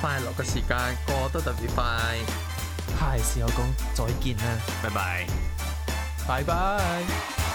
快樂嘅時間過得特別快，係時候講再見啦，拜拜，拜拜。